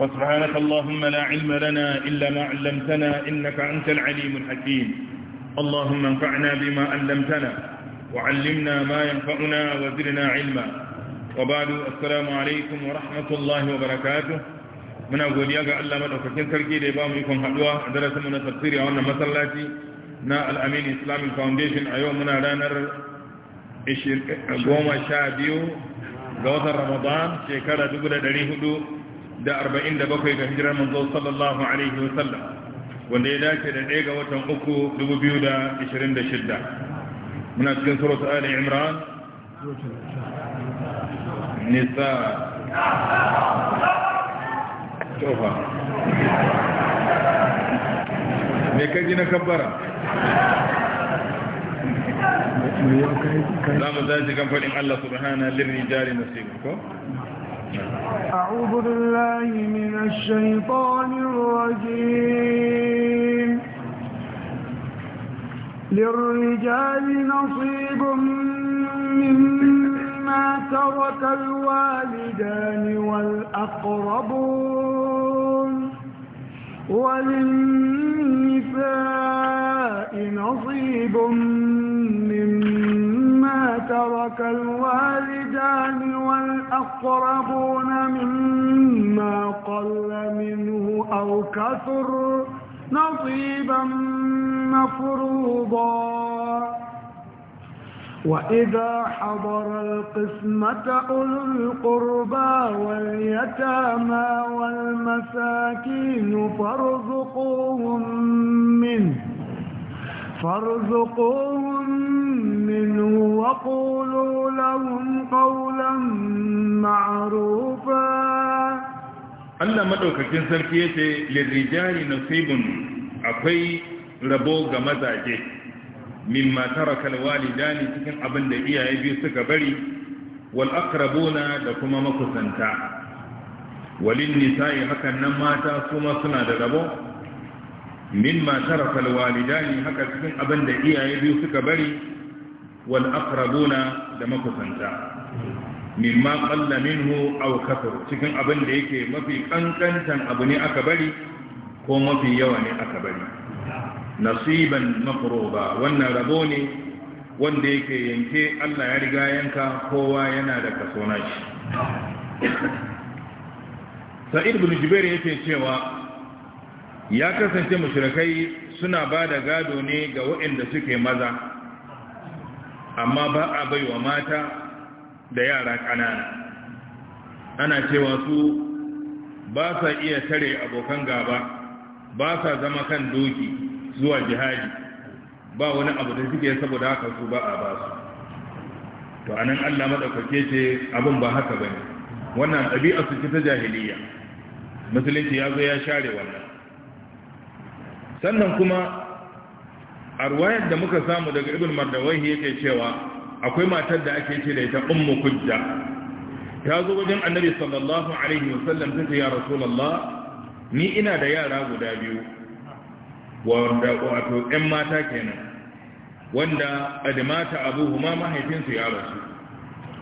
وسبحانك اللهم لا علم لنا إلا ما علمتنا إنك أنت العليم الحكيم اللهم انفعنا بما علمتنا وعلمنا ما ينفعنا وزرنا علما وبعد السلام عليكم ورحمة الله وبركاته muna godiya ga Allah madaukakin sarki da ya ba mu ikon haduwa a darasin mu na tafsiri a wannan masallaci na Al-Amin Islamic Foundation a yau muna ranar 12 ga watan Ramadan shekara 1400 da arba'in da bakwai ga hijirar manzo sallallahu alaihi wasallam wanda ya dace da ɗaya ga watan uku dubu biyu da ishirin da shidda muna cikin suratu ali imran nisa tofa me ka ji na kabbara za mu zaji kan faɗin allah subhana lirri jari nasibu ko أعوذ بالله من الشيطان الرجيم للرجال نصيب مما ترك الوالدان والأقربون وللنساء نصيب مما ترك الوالدان والأقربون مما قل منه أو كثر نصيبا مفروضا وإذا حضر القسمة أولو القربى واليتامى والمساكين فارزقوهم منه فارزقوهم منه وقولوا لهم قولا معروفا Allah madaukakin sarki yace lirijali nasibun akwai rabo ga mazaje mimma taraka alwalidani cikin abin da iyaye biyu suka bari wal na da kuma makusanta walin nisa'i hakan nan mata kuma suna da rabo mimma tarafa alwalidani haka cikin abin da iyaye biyu suka bari wal aqrabuna da makusanta mimma qalla minhu aw kathar cikin abin da yake mafi kankantan abu ne aka bari ko mafi yawa ne aka bari nasiban maqruba wannan rabo ne wanda yake yanke Allah ya riga yanka kowa yana da kaso nashi sa'id ibn jubair yake cewa ya kasance mushrikai suna ba da gado ne ga waɗanda suke maza amma ba a baiwa mata da yara ƙanana ana cewa su ba sa iya tare abokan gaba ba sa zama kan doki zuwa jihadi ba wani abu da suke saboda haka su ba a ba su to anan Allah madaukake ce abin ba haka bane wannan ɗabi'a su ta jahiliya musulunci ya zo ya share wannan sannan kuma a ruwayar da muka samu daga ibn mardawai yake cewa akwai matar da ake ce da ita ummu kujja ta zo wajen annabi sallallahu alaihi wasallam ta ce ya rasulullah ni ina da yara guda biyu wanda wato ɗan mata kenan wanda abu abuhuma mahaifinsu ya rasu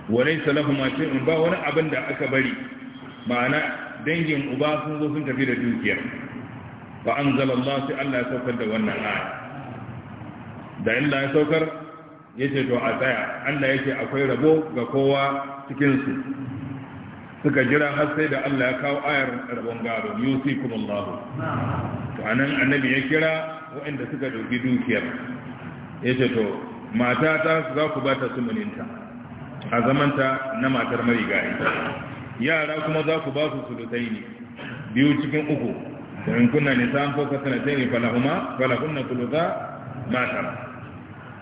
wa laysa lahum in ba wani abin da aka bari ma'ana dangin uba sun zo sun tafi da dukiya wa Allah sai Allah ya saukar da wannan aya da Allah ya saukar yace to a tsaya Allah yake akwai rabo ga kowa cikin suka jira har sai da Allah ya kawo ayar rabon gado Allah to anan annabi ya kira waɗanda suka dubi dukiyar yace to matata ta za ku ba ta sumuninta a zamanta na matar marigayi yara kuma za ku ba su sulutai ne biyu cikin uku in kunna nisan fawqa sanatayn falahuma falahunna thulutha ma tara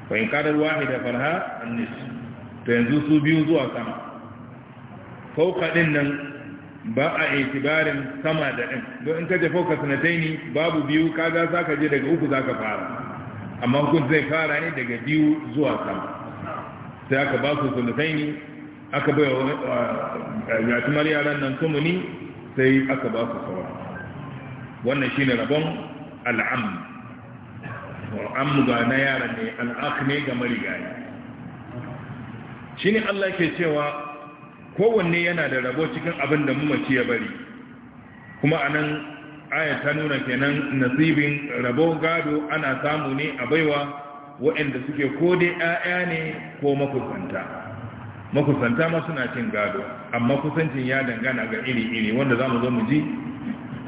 fa in kana wahida falaha an-nisf to yanzu su biyu zuwa sama fawqa nan ba a itibarin sama da ɗin don in kaje fauka sanatai ne babu biyu kaga ka je daga uku za ka fara amma hukun zai fara ni daga biyu zuwa sama sai aka ba su sanatai aka bai wa yatumar yaran nan tumuni sai aka ba su sauran wannan shi ne rabon al'am al'am ga na yara ne al'ak ne ga marigayi ne Allah ke cewa kowanne yana da rabo cikin abin da mu maci ya bari kuma a nan, ta nuna kenan nasibin rabo gado ana samu ne a baiwa waɗanda suke ko dai 'ya'ya ne ko makusanta makusanta ma suna cin gado amma kusancin ya dangana ga iri-iri wanda za mu zo mu ji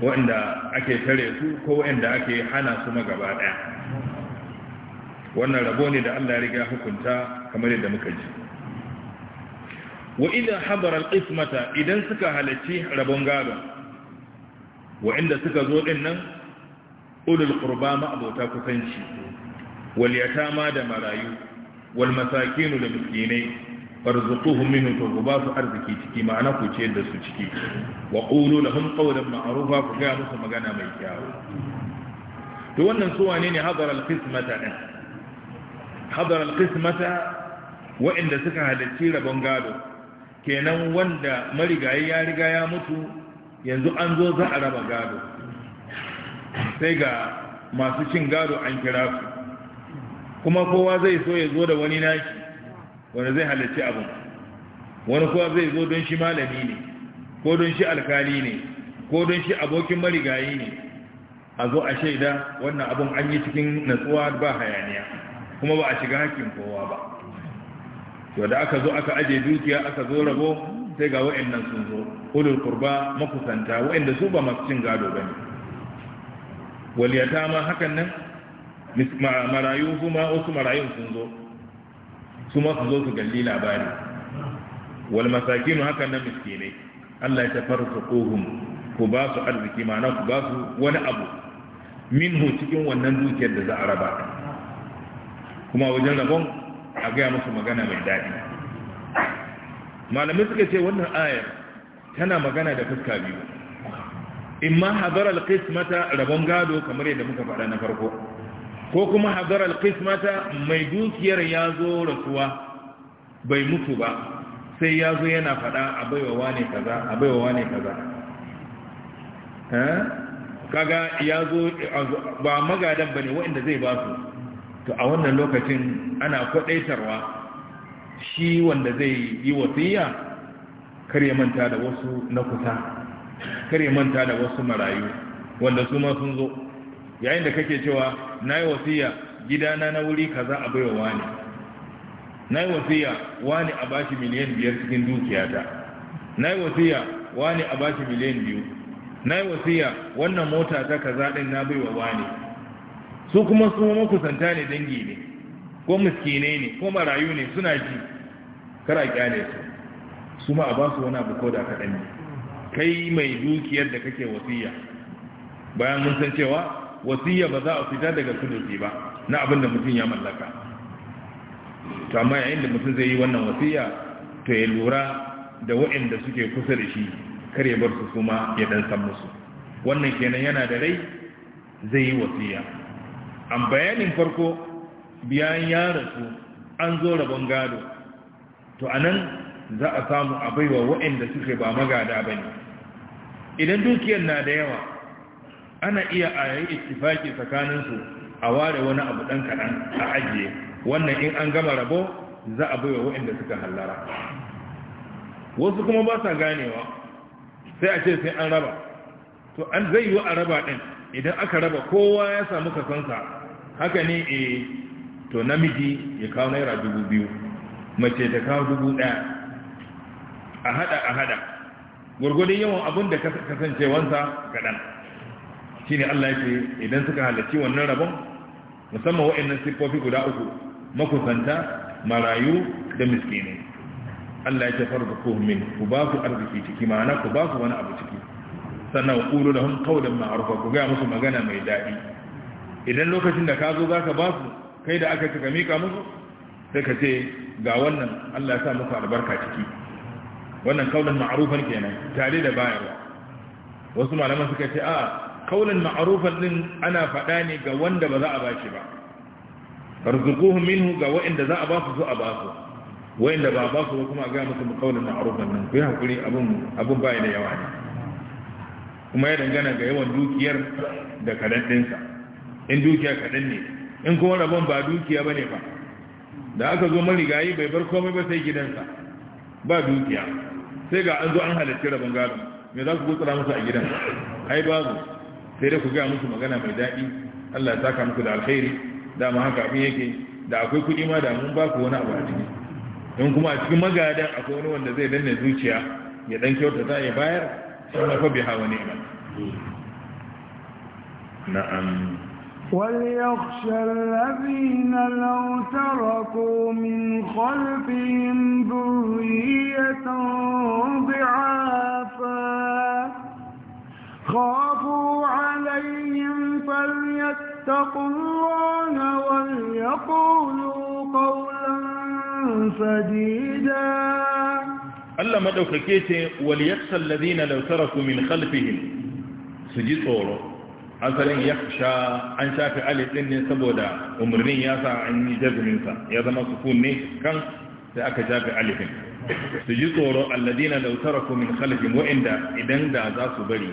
wanda ake tare su ko wanda ake hana su magaba daya wannan rabo ne da Allah ya riga hukunta kamar yadda muka ji wa idha hadara al-qismata idan suka halarci rabon gado wa inda suka zo din nan ulul qurba ma'abota kusanci wal yatama da marayu wal masakinu da miskinai farzuquhum minhu to ku ba su arziki ciki ma'ana ku ce da su ciki wa qulu lahum qawlan ma'rufa ku ga musu magana mai kyau to wannan su wane ne hadar al-qismata din hadar al-qismata inda suka halarci rabon gado kenan wanda marigayi ya riga ya mutu yanzu an zo za a raba gado sai ga masu cin gado an kira su kuma kowa zai so ya zo da wani nashi Wani zai halarci abin wani kuwa zai zo don shi malami ne ko don shi alkali ne ko don shi abokin marigayi ne a zo a shaida wannan abun an yi cikin natsuwa ba hayaniya kuma ba a shiga hakkin kowa ba Wadda aka zo aka aje dukiya aka zo rabo sai ga wa'annan sun zo ulul qurba makusanta wa'anda su ba masu cin gado bane wal yatama hakan nan marayu kuma wasu marayun sun zo kuma su zo su galli labari wal masakinu haka nan miskinai Allah ya tafarsa kohun ku ba su arziki ma'ana ku ba su wani abu minhu cikin wannan dukiyar da za a raba kuma wajen rabon a gaya musu magana mai daɗi malamai suka ce wannan ayar tana magana da fuska biyu In imma hazar mata rabon gado kamar yadda muka faɗa na farko ko kuma hadarar kismata mai dukiyar ya zo rasuwa bai mutu ba sai ya zo yana fada a baiwawa ne kaza a baiwawa kaza eh? kaga ya zo ba magadan ba ne waɗanda zai ba su to a wannan lokacin ana kwadaitarwa shi wanda zai yi wasiya ya manta da wasu na kusa ya manta da wasu marayu wanda su ma sun zo yayin da kake cewa na yi wasiya gidana na wuri kaza a baiwa wani na yi wasiya wani a bashi miliyan biyar cikin dukiyata na yi wasiya wani a bashi miliyan biyu na yi wasiya wannan mota ta kaza ɗin na baiwa wani su kuma su makusanta ne dangi ne ko miskine ne ko marayu ne suna ji kara kyale su su ma a ba su wani abu ko da kaɗan ne kai mai dukiyar da kake wasiya bayan mun san cewa Wasiyya ba za a fita daga sulusi ba na abin da mutum ya mallaka to amma yayin da mutum zai yi wannan wasiyya, to ya lura da waɗanda suke kusa da shi kar ya bar su kuma ya dan san musu wannan kenan yana da rai zai yi wasiyya. an bayanin farko biyan ya rasu an zo rabon gado to anan za a samu a baiwa waɗanda suke ba magada ba ne idan dukiyar na da yawa ana iya a yi ittifaki tsakaninsu a ware wani abu ɗan kaɗan a ajiye wannan in an gama rabo za a wa waɗanda suka hallara wasu kuma ba sa ganewa sai a ce sai an raba to an zai yi a raba ɗin idan aka raba kowa ya samu kasansa haka ne e to namiji ya kawo naira dubu biyu mace ta kawo dubu ɗaya a hada a hada gwargwadon yawan abin da kasancewansa kaɗan shine Allah yake idan suka halarci wannan rabon musamman wa'annan siffofi guda uku makusanta marayu da miskini Allah ya ce farzuquhum min ku ba su arziki ciki ma'ana ku ba su wani abu ciki sannan da lahum qawlan ma'rufa ku ga musu magana mai daɗi. idan lokacin da ka zo zaka ba su kai da aka cika mika musu sai ka ce ga wannan Allah ya sa muku albarka ciki wannan qawlan ma'rufan kenan tare da bayarwa wasu malaman suka ce a'a Kaulin ma'arufan din ana faɗa ne ga wanda ba za a baki ba farzuquhum minhu ga wa'inda za a ba su a ba su wa'inda ba ba su kuma gaya musu kaulan ma'arufan din ku hakuri abun abin bayan da yawa ne kuma ya dangana ga yawan dukiyar da kadan ɗinsa in dukiya kadan ne in kuma rabon ba dukiya bane ba da aka zo marigayi bai bar komai ba sai gidansa ba dukiya sai ga an zo an halarci rabon gado me za ku gutsura musu a gidan ai babu sai dai ku gaya musu magana mai daɗi Allah ya saka muku da alkhairi dama haka abin yake da akwai kuɗi ma da mun ba ku wani abu a ciki don kuma a cikin magadan akwai wani wanda zai danne zuciya ya dan kyauta za ya bayar sai na fabi biha wani iman na'am وليخشى الذين لو تركوا من خلفهم ذرية ضعافا خافوا عليهم فليتقوا الله وليقولوا قولا سديدا ألا مدوك كيتي وليخشى الذين لو تركوا من خلفهم سجد صورة أثر يخشى أن شافع علي إن سبودا أمرني ياسا إني جذب منك يذا ما سكوني كان سأكى شافع علي فين سجد صورة الذين لو تركوا من خلفهم وإن دا إذا دا ذا سبري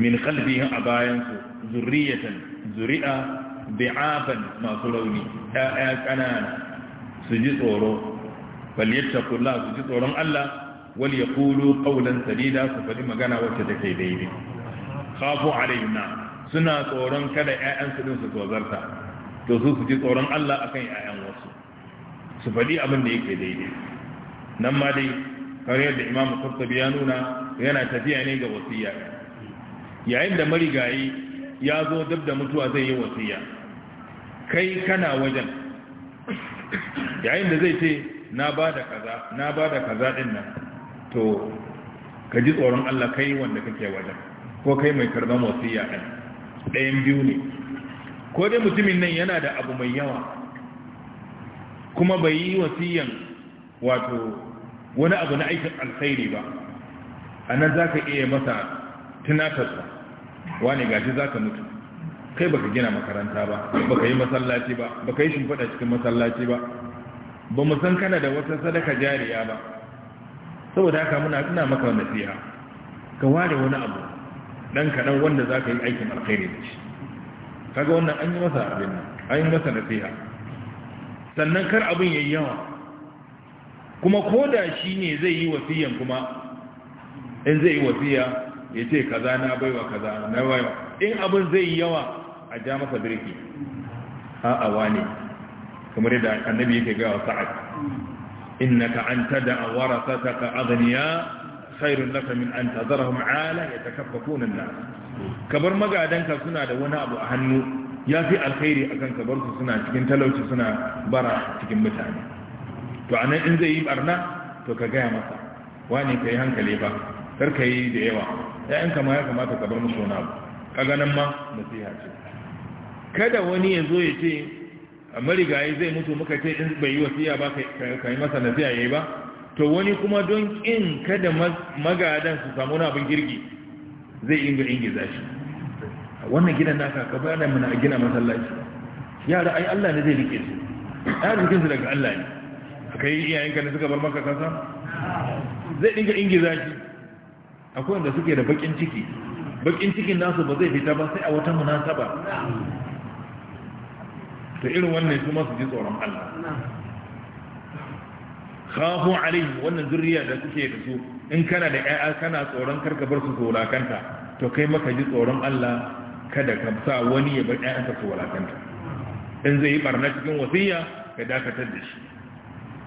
min khalfihim a bayansu zurriyatan zuri'a bi'afan masu rauni ɗaya ƙanana su ji tsoro bal yattaqullah su ji tsoron Allah wal yaqulu qawlan sadida su faɗi magana wacce take daidai khafu alaina suna tsoron kada ‘ya'yansu ɗin su tozarta to su su ji tsoron Allah a kan ‘ya'yan wasu su faɗi abin da yake daidai nan ma dai kare da imamu kurtabi ya nuna yana tafiya ne ga wasiya yayin da marigayi ya zo dab da mutuwa zai yi wasiya kai kana wajen yayin da zai ce na ba da kaza na ba da kaza din nan to ka ji tsoron Allah kai wanda kake wajen ko kai mai karban wasiya din ɗayan biyu ne ko dai mutumin nan yana da abu mai yawa kuma bai yi wasiyan wato wani abu na aikin alkhairi ba a nan za ka iya masa tunatarsa wani gashi za ka mutu kai baka gina makaranta ba baka yi masallaci ba baka yi shimfada cikin masallaci ba ba mu san kana da wata sadaka jariya ba saboda haka muna ina maka nasiha ka ware wani abu dan kaɗan wanda za ka yi aikin alkhairi da shi kaga wannan an yi masa abin nan an yi masa nasiha sannan kar abin yayi yawa kuma ko da shi ne zai yi wasiyan kuma in zai yi wasiya ya ce kaza na baiwa kaza na baiwa in abin zai yi yawa a ja masa birki a'a wane kamar yadda annabi yake gawa sa'ad innaka an tad'a warasataka aghniya khairun laka min an tadharhum ala yatakaffafuna an-nas kabar magadanka suna da wani abu a hannu Ya fi alkhairi akan kabar su suna cikin talauci suna bara cikin mutane to anan in zai yi barna to ka gaya masa wani kai hankali ba karka yi da yawa ya'yan kama ya kamata ka bar musu wani abu kaganan ma nasiha ce kada wani ya zo ya ce marigayi zai mutu muka ce in bai yi wasiya ba ka yi masa nasiha ya yi ba to wani kuma don in kada magadan su samu wani abin girgi zai inga ingiza shi wannan gidan naka ka bayana mana gina masallaci yara ai Allah ne zai rike su rike su daga Allah ne ka yi iyayenka ne suka bar maka kasa zai inga ingiza shi akwai wanda suke da bakin ciki bakin cikin nasu ba zai fita ba sai a wata munasaba ta irin wannan su masu ji tsoron Allah khafu alayhi wannan zuriya da kuke da su in kana da ƴaƴa kana tsoron karka bar su wulakanta, to kai maka ji tsoron Allah kada ka sa wani ya bar ƴaƴanka wulakanta. in zai yi barna cikin wasiya ka dakatar da shi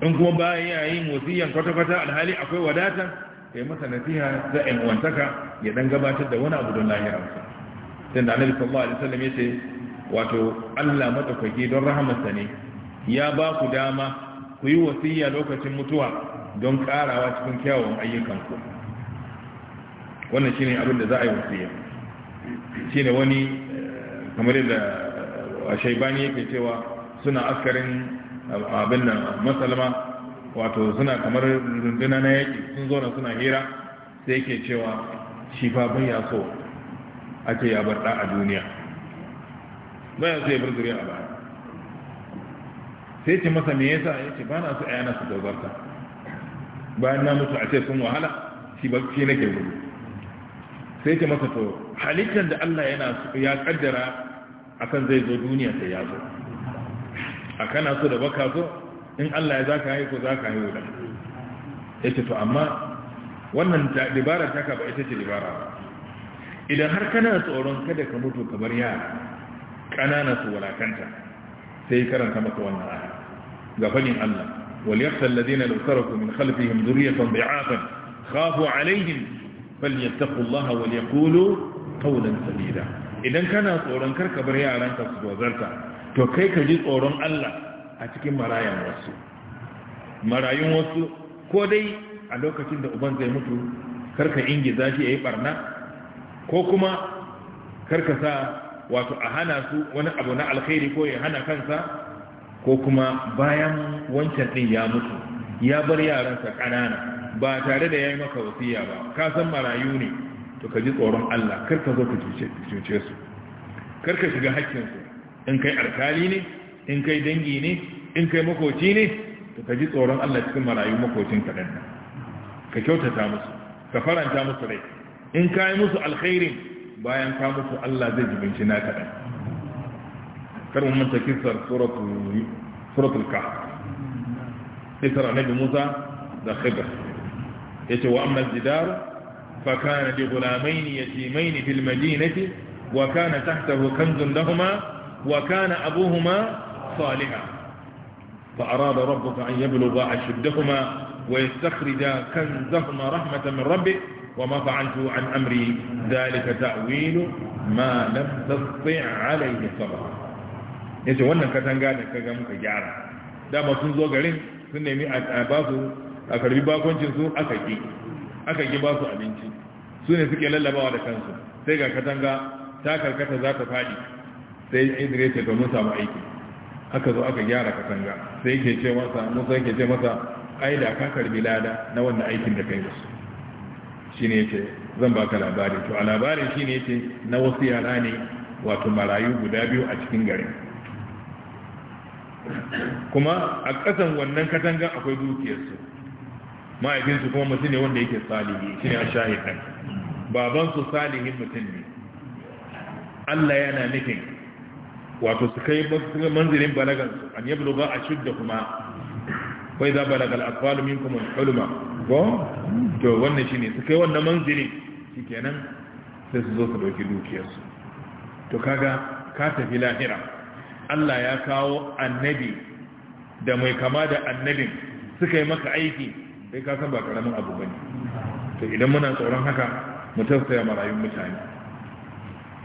in kuma bayan yayin wasiyan kwata-kwata alhali akwai wadata ka yi masa nasiha za a wantaka ya dan gabatar da wani abu don lahirarsa sai da annabi sallallahu alaihi wasallam yace wato Allah madaukaki don rahamarsa ne ya ba ku dama ku yi wasiya lokacin mutuwa don karawa cikin kyawawan ku. wannan shine abin da za a yi wasiya shine wani eh, kamar da eh, shaybani yake cewa suna askarin eh, abin nan masalama wato suna kamar runduna na yaƙi sun zo suna hira sai ke cewa shi fa ya so ake ya bar a duniya ba ya so ya a baya sai ce masa me yasa ya ce ba na su ayana su dogarta bayan na mutu a ce sun wahala shi ba shi nake gudu sai ce masa to halittar da Allah yana ya kaddara akan zai zo duniya sai ya zo a kana so da baka so in Allah ya zaka haihu zaka haihu da ce to amma wannan dibara ta ba ita ce dibara ba idan har kana tsoron kada ka mutu kamar yara kanana su walakanta sai karanta maka wannan aya ga fadin Allah wal yakhsha alladhina law taraku min khalfihim dhurriyatan dha'afan khafu alaihim falyattaqullaha wal yaqulu qawlan sadida idan kana tsoron karka bar yaranka su zarta. to kai ka ji tsoron Allah a cikin marayan wasu marayun wasu ko dai a lokacin da uban zai mutu karka ingiza shi ya yi barna ko kuma karka sa wato a hana su wani abu na alkhairi ko ya hana kansa ko kuma bayan wancan ɗin ya mutu ya bar yaransa ƙanana ba tare da ya yi maka wasiya ba ka san marayu ne to ka ji tsoron Allah karka zo ka cuce su karka shiga haƙƙinsu in kai alkali ne in kai dangi ne in kai makoci ne to ka ji tsoron Allah cikin marayu makocin ka dan ka kyautata musu ka faranta musu rai in ka yi musu alkhairin bayan ka musu Allah zai jibinci naka dan kar mun manta kisar suratul suratul kahf kisar annabi Musa da Khidr yace wa amma al-jidar فكان لغلامين يتيمين في المدينة وكان تحته كنز لهما وكان أبوهما صالحا فأراد ربك أن يبلغ أشدهما ويستخرج كنزهما رحمة من ربك وما فعلت عن أمري ذلك تأويل ما لم تستطع عليه صبرا yace wannan katanga da kaga muka gyara dama sun zo garin sun nemi a basu a karbi bakoncin su aka ki aka ki basu abinci su ne suke lallabawa da kansu sai ga katanga ta karkata za ta faɗi. sai Idris ya domin samu aiki aka zo aka gyara katanga sai ke ce masa musa ke ce masa ai da ka karbi lada na wannan aikin da kai musu shine yace zan baka labari to a labarin shine yace na wasu yara ne wato marayu guda biyu a cikin gari. kuma a ƙasan wannan katangan akwai dukiyarsu ma'aikinsu kuma mutum ne wanda yake salihi shi ne a shahidan babansu salihin mutum ne Allah yana nufin wato su kai manzirin balagan su an yablu ba a shudda kuma wai za balagal akwalu kuma hulma ko to wannan shine su kai wannan manzirin shikenan sai su zo su dauki dukiyarsu, to kaga ka tafi lahira Allah ya kawo annabi da mai kama da annabin su yi maka aiki sai ka san ba karamin abu bane to idan muna tsoron haka mu tausaya marayun mutane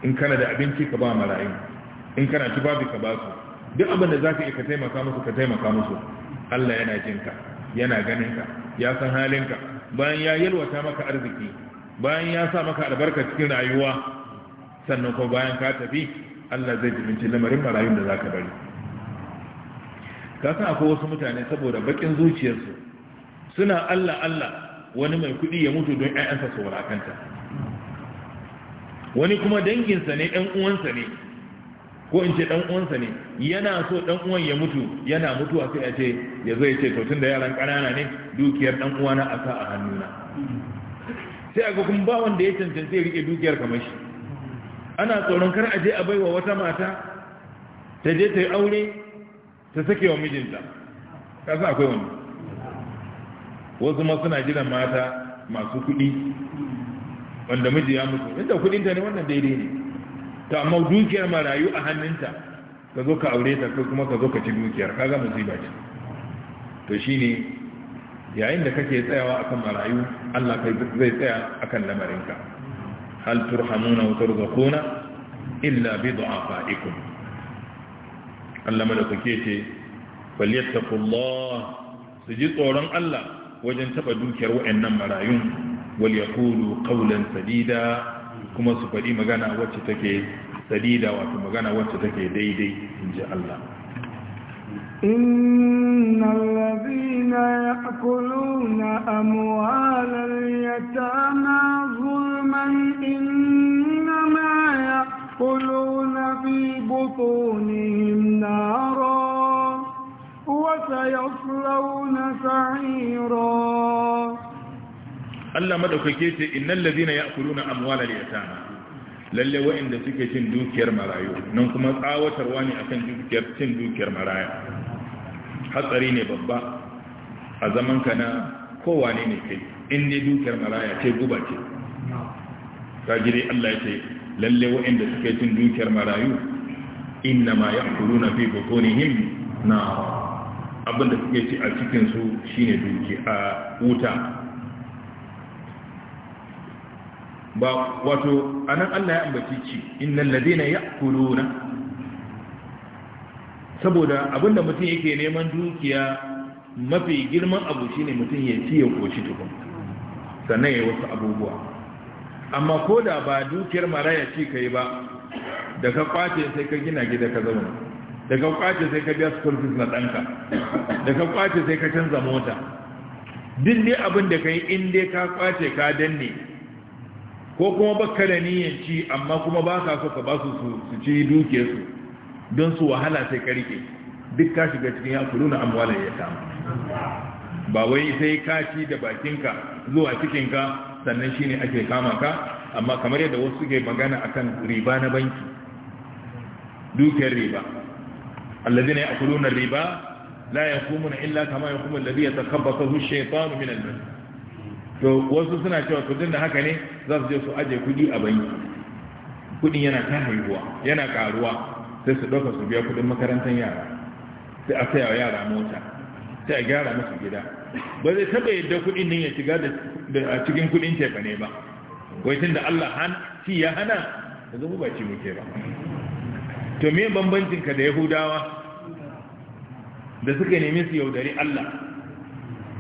in kana da abinci ka ba marayun in kana ci babu ka ba su duk abin da za ka ka taimaka musu ka taimaka musu Allah yana jinka yana ganinka ya san halinka bayan ya yalwata maka arziki bayan ya sa maka albarka cikin rayuwa sannan ko bayan ka tafi Allah zai jibinci lamarin marayun da za ka bari ka san akwai wasu mutane saboda bakin zuciyarsu suna Allah Allah wani mai kuɗi ya mutu don 'ya'yansa su wulakanta wani kuma danginsa ne 'yan uwansa ne ko in ce dan uwansa ne yana so dan uwan ya mutu yana mutuwa sai a ce ya zo ya ce to tunda yaran kanana ne dukiyar dan uwana a sa a hannuna sai a kuma ba wanda ya cancanci ya rike dukiyar kamar shi ana tsoron kar a je a baiwa wata mata ta je ta yi aure ta sake wa mijinta kasa akwai wani wasu ma suna jiran mata masu kuɗi wanda miji ya mutu inda kuɗinta ne wannan daidai ne to amma dukiyar marayu a hannunta ka zo ka aure ta ko kuma ka zo ka ci dukiyar kaga musiba ce to shine yayin da kake tsayawa akan marayu Allah kai zai tsaya akan lamarinka hal turhamuna wa turzaquna illa bi du'afaikum Allah madaukake ce falyattaqullah su ji tsoron Allah wajen taba dukiyar wayannan marayun wal yaqulu qawlan sadida kuma su faɗi magana wacce take sadida wato magana wacce take daidai in ji Allah. Inna labina ya kuluna amuwalar ya tana zurman inna ma ya kuluna fi butonin naro wata ya fulauna sa'ira. Allah madaukake ce innal ladina ya'kuluna amwalal yatama lalle wa'inda suke cin dukiyar marayu nan kuma tsawatarwa ne akan dukiyar cin dukiyar maraya hatsari ne babba a zaman ka na kowane ne kai in ne dukiyar maraya ce guba ce Ta kajire Allah ya ce lalle wa'inda suke cin dukiyar marayu inna ma ya'kuluna fi butunihim na abinda suke ci a cikin su shine duki a wuta ba wato anan Allah ya ambaci ci innal ladina ya'kuluna saboda abinda mutum yake neman dukiya mafi girman abu shine mutum ya ci ya koshi tukun sannan ya wasu abubuwa amma ko da ba dukiyar maraya ci kai ba da ka kwace sai ka gina gida ka zauna da ka kwace sai ka biya school fees na ɗanka da ka kwace sai ka canza mota duk dai abin da ka yi in dai ka kwace ka danne ko kuma baka da niyyar ci amma kuma ba ka so ka ba su su ci su don su wahala sai ka rike duk ka shiga cikin ya kuluna amwala ya ta ba wai sai ka ci da bakinka zuwa cikinka sannan shine ake kama ka amma kamar yadda wasu suke magana akan riba na banki dukiyar riba allazina ya'kuluna riba la yaqumuna illa kama yaqumu ladhi yatakabbathu ash-shaytanu min al mal to wasu suna cewa to tun da haka ne za su je su aje kuɗi a banki kuɗin yana ta haihuwa yana ƙaruwa sai su ɗauka su biya kuɗin makarantar yara sai a saya yara mota sai a gyara musu gida ba zai taɓa yadda kuɗin nan ya shiga da cikin kuɗin tefa ne ba wai tun da Allah han ci ya hana da zama ba ci muke ba to me bambancin ka da yahudawa da suka nemi su yaudari Allah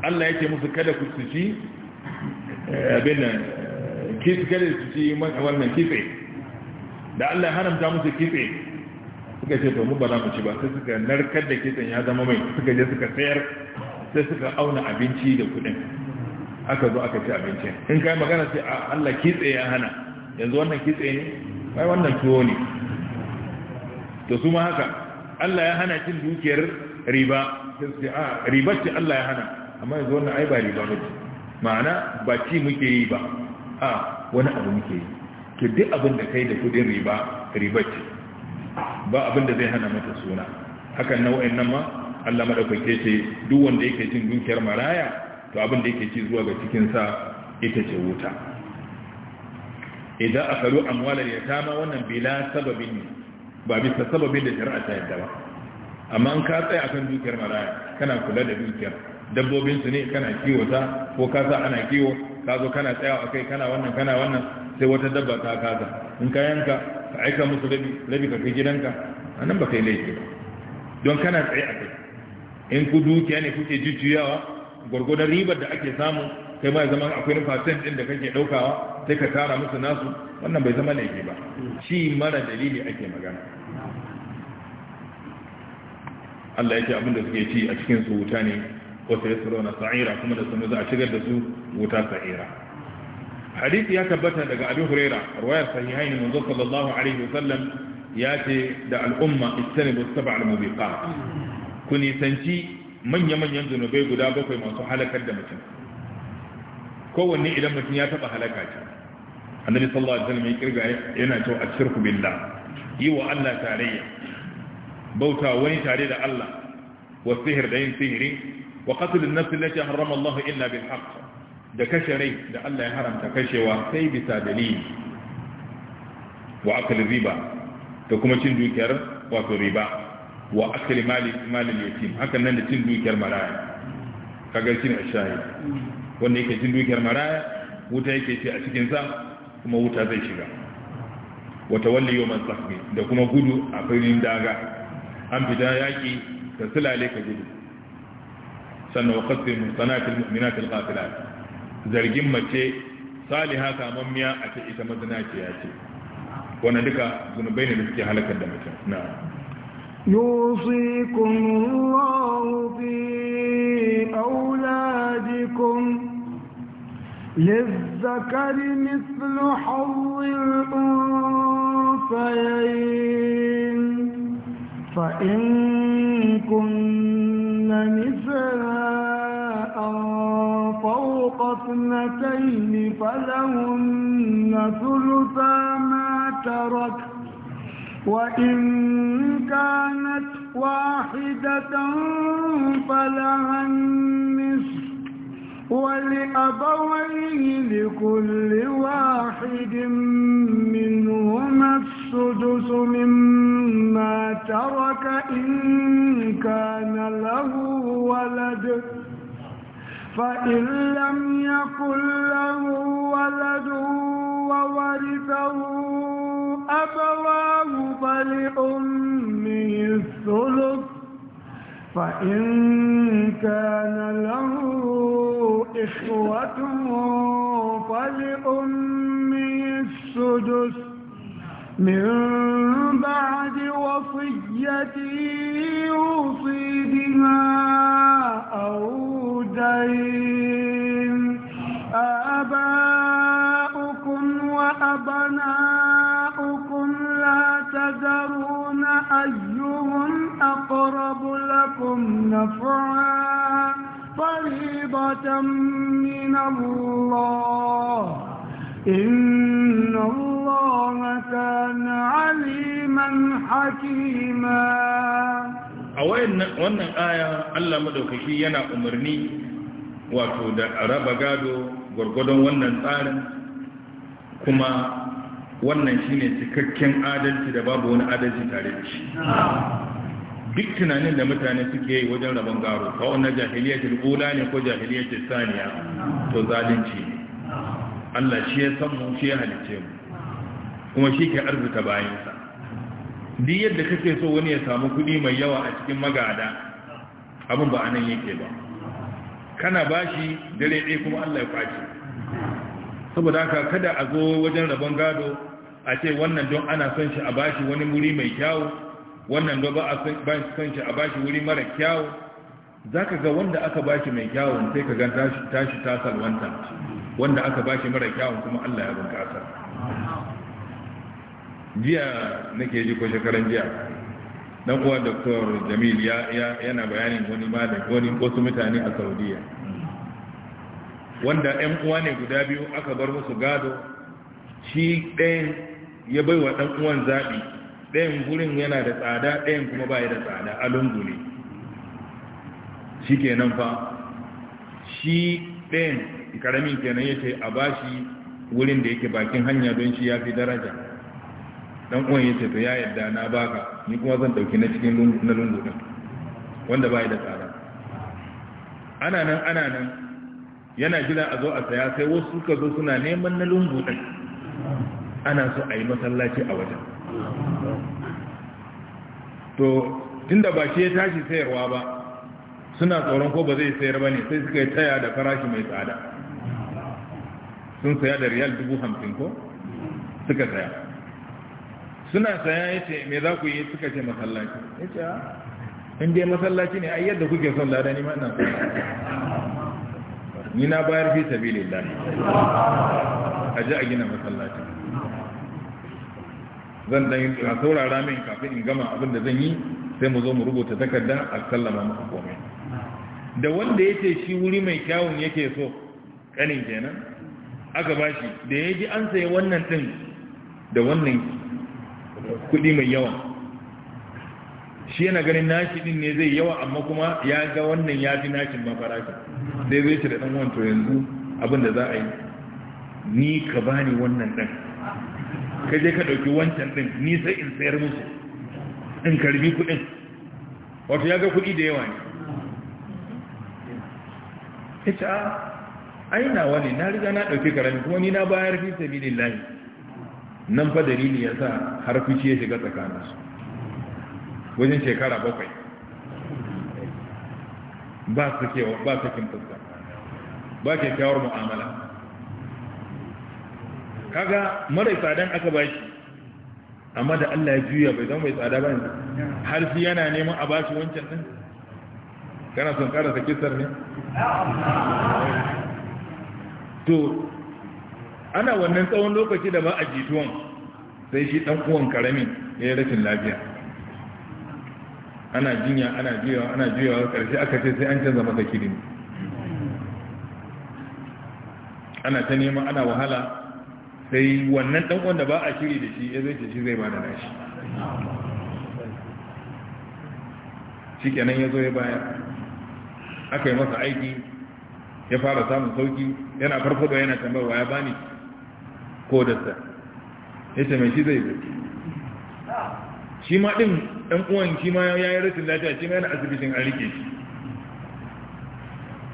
Allah ya ce musu kada ku su ci abin kifi kare su ci wannan kitse da Allah haramta musu kitse suka ce to mu ba za mu ci ba sai suka narkar da kifin ya zama mai suka je suka sayar sai suka auna abinci da kudin aka zo aka ci abincin in kai magana sai Allah kitse ya hana yanzu wannan kitse ne bai wannan tuwo ne to su ma haka Allah ya hana cin dukiyar riba sai su ce a riba ce Allah ya hana amma yanzu wannan ai ba riba ne ma'ana ba ci muke yi ba a wani abu muke yi to duk abin da kai da kudin riba riba ce ba abin da zai hana mata suna hakan nau'in nan ma Allah madaukake ce duk wanda yake cin dukiyar maraya to abin da yake ci zuwa ga cikin sa ita ce wuta idan akalu amwalar yatama wannan bila sababin ba bisa sababin da shari'a ta yadda ba amma an ka tsaya akan dukiyar maraya kana kula da dukiyar dabbobinsu ne kana ta? ko ka sa ana kiwo ka zo kana tsayawa kai kana wannan kana wannan sai wata dabba ta kaza in ka yanka ka aika musu rabi rabi ka kai gidanka a nan ba kai laifi ba don kana tsaye a kai in ku dukiya ne kuke jujjuyawa gwargwadon ribar da ake samu kai ma zama akwai na fasin din da kake daukawa sai ka tara musu nasu wannan bai zama laifi ba shi mara dalili ake magana Allah ya ce abinda suke ci a cikin su wuta ne wa sayasruna sa'ira kuma da sanu za a shigar da su wuta sa'ira hadisi ya tabbata daga Abu Huraira riwayar sahihaini manzo sallallahu alaihi wasallam ya ce da al'umma bu sab'a al-mubiqat ku nisanci manya-manyan zunubai guda bakwai masu halakar da mutum kowanne idan mutum ya taba halaka ce annabi sallallahu alaihi wasallam ya kirga yana cewa ashirku billah yi wa Allah tarayya bauta wani tare da Allah wa sihir da yin sihiri wa qatl na nafs allati harrama Allah illa bil haqq da kashe rai da Allah ya haramta kashewa sai bisa dalili wa akal riba da kuma cin dukiyar wato riba wa akal mali malil yatim hakan nan da cin dukiyar maraya kaga cin ashayi wanda yake cin dukiyar maraya wuta yake ce a cikin sa kuma wuta zai shiga wa da kuma gudu a filin daga an fita yaki ka sulale ka gudu sannan wa qasdi muhsanatil mu'minatil ghafilat zargin mace saliha kamammiya a ce ita mazinaciya ce wannan duka zunubai ne da suke halakar da mutum na'am يوصيكم الله في أولادكم للذكر مثل حظ الأنثيين فإن كنتم نساء فوق اثنتين فلهن ثلثا ما ترك وإن كانت واحدة فلها النصف ولأبويه لكل واحد منهما الثلث السدس مما ترك إن كان له ولد فإن لم يكن له ولد وورثه أبواه فلأمه الثلث فإن كان له إخوة فلأمه السدس من بعد وصيتي يوصي بها أو دين آباؤكم وأبناؤكم لا تدرون أيهم أقرب لكم نفعا فريضة من الله إن الله كان عليما حكيما a wannan aya Allah maɗaukaki yana umarni wato da raba gado gwargwadon wannan tsarin kuma wannan shine cikakken adalci da babu wani adalci tare da shi duk tunanin da mutane suke yi wajen rabon gado kawo na jahiliyatul ne ko jahiliyatul saniya to zalunci ne Allah shi ya san mu shi ya halice mu kuma shi ke arzuta bayansa duk yadda kake so wani ya samu kuɗi mai yawa a cikin magada abin ba anan yake ba kana bashi dare ɗaya kuma Allah ya kwace saboda haka kada a zo wajen rabon gado a ce wannan don ana son shi a bashi wani wuri mai kyau wannan don ba a son shi a bashi wuri mara kyau za ka ga wanda aka bashi mai kyau sai ka gan tashi ta wanda aka ba shi mara kyawun kuma Allah ya bunkasa jiya nake ji ko shekaran jiya dan uwa Dr. Jamil yana bayanin wani malam wani wasu mutane a Saudiya wanda 'yan uwa ne guda biyu aka bar musu gado shi ɗayan ya bai wa ɗan uwan zaɓi ɗayan gurin yana da tsada ɗayan kuma ba da tsada a lungu ne shi kenan fa shi ɗayan karamin kenan ya ce a bashi wurin da yake bakin hanya don shi ya fi daraja dan uwan ya ce to ya yadda na baka ni kuma zan dauki na cikin na lungu ɗin wanda bai da tsada ana nan ana nan yana jira a zo a saya sai wasu suka zo suna neman na lungu ɗin ana so a yi masallaci a wajen to tunda ba shi ya tashi sayarwa ba suna tsoron ko ba zai sayar ba ne sai suka yi taya da farashi mai tsada sun saya da riyal dubu hamsin ko suka saya suna saya ya ce me za ku yi suka ce masallaci ya ce ah, in dai masallaci ne a yadda kuke son lada ni ma ina son ni na bayar fi sabilillah a ji a gina masallaci zan dan a saurara min kafin in gama abin da zan yi sai mu zo mu rubuta takarda a sallama masu komai da wanda ya ce shi wuri mai kyawun yake so kanin kenan aka shi. da ya ji an sayi wannan ɗin da wannan kuɗi mai yawa shi yana ganin nashi ɗin ne zai yawa amma kuma ya ga wannan ya fi nashin ma zai zai shi da ɗan wanto yanzu abin da za a yi ni ka bani wannan ɗin ka je ka ɗauki wancan ɗin ni sai in sayar musu in karbi kuɗin wato ya ga kuɗi da yawa ne ita aina wani na riga na ɗauki karami kuma ni na bayar fi sabilin layi nan fa dalili ya sa har fushi ya shiga tsakanin su. wajen shekara bakwai ba su kewa ba su kin fuska ba ke kyawar mu'amala kaga marai tsadan aka ba shi amma da Allah ya juya bai zama mai tsada ba ne. har fi yana neman a bashi wancan din kana son karasa kisar ne to ana wannan tsawon lokaci da ba a jituwan sai shi ɗan uwan karami ya yi rashin lafiya ana jinya ana jiyawa ana jiyawa ƙarshe aka ce sai an canza masa kirin ana ta nema ana wahala sai wannan ɗan uwan da ba a shiri da shi ya zai ce shi zai ba da nashi shi kenan ya zo ya baya aka yi masa aiki ya fara samun sauki yana farfado yana tambarwa ya bani kodarsa ya ce mai shi zai zai shi ma ɗin ɗan uwan shi ma ya yi rashin lafiya shi ma yana asibitin an rike shi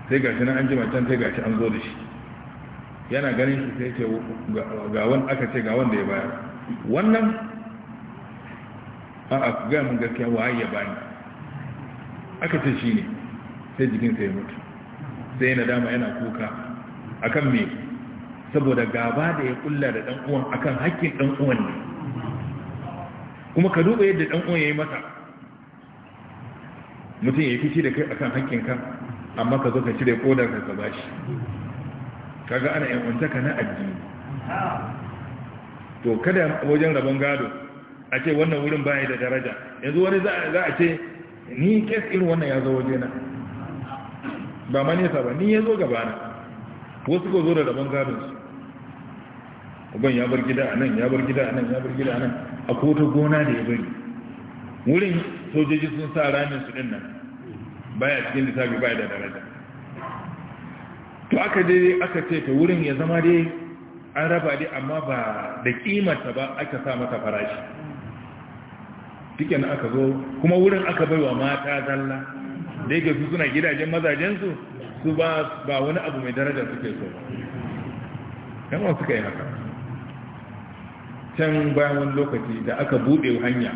sai shi nan an jima can sai ga shi an zo da shi yana ganin shi sai ce ga wani aka ce ga wanda ya bayar wannan a a ga mun gaskiya wa ya bani aka ce shi ne sai jikinsa ya mutu sai yana dama yana kuka a kan me saboda gaba da ya kulla da ɗan'uwan a kan haƙƙin ɗan'uwan ne kuma ka duba yadda ɗan'uwan ya yi masa mutum yi fice da kai a kan ka amma ka zo ka cire kodar ka ka shi kaga ana yan untaka na addini to kada wajen rabon gado a ce wannan wurin baya da daraja yanzu wani za a ce ni kes irin wannan ya zo wajena ba ma nesa ba ni ya zo gaba na wasu ko zo da rabon su. uban ya bar gida a nan ya bar gida a nan ya bar gida a nan a kotu gona da ya bari wurin sojoji sun sa ramin su din nan baya cikin lissafi baya da daraja to aka dai aka ce ta wurin ya zama dai an raba dai amma ba da kimarta ba aka sa mata farashi cikin aka zo kuma wurin aka baiwa mata zalla da yake su suna gidajen mazajensu su ba wani abu mai daraja suke so ba ɗan suka yi haka can bayan wani lokaci da aka buɗe hanya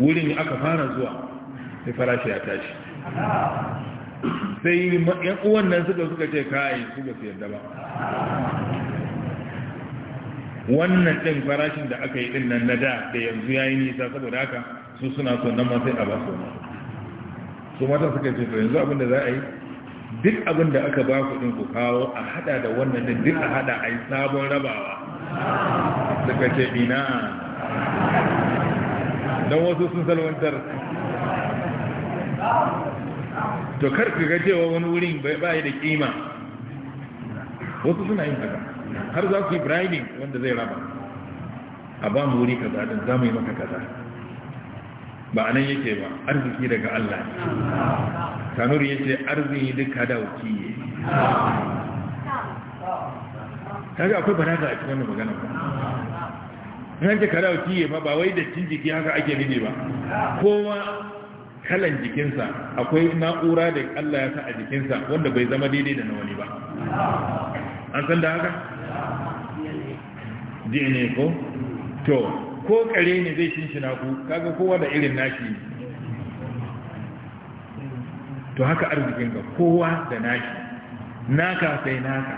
wurin aka fara zuwa sai farashi ya tashi sai yan uwan nan suka suka ce kayi su ba su yadda ba wannan ɗin farashin da aka yi ɗin nan na da da yanzu ya yi nisa saboda haka su suna so nan sai a ba su su mata suka ce to yanzu abin da za a yi duk abin da aka ba ku ɗin ku kawo a hada da wannan da duk a hada a yi sabon rabawa suka ce ina don wasu sun salwantar to karka ga cewa wani wurin bai bayi da kima wasu suna yin haka har za su yi bribing wanda zai raba a ba mu wuri kaza don za mu yi maka kaza ba anan yake ba arziki daga Allah tanur yace arziki duka dauki kaga akwai baraka a cikin magana ba nan ta karauki ba ba wai da cin jiki haka ake nide ba kowa kalan jikinsa akwai na'ura da Allah ya sa a jikinsa wanda bai zama daidai da na wani ba an san da haka? dna ko? to ko kare ne zai shinshina ku kaga kowa da irin nashi to haka arzikin ka kowa da nashi naka sai naka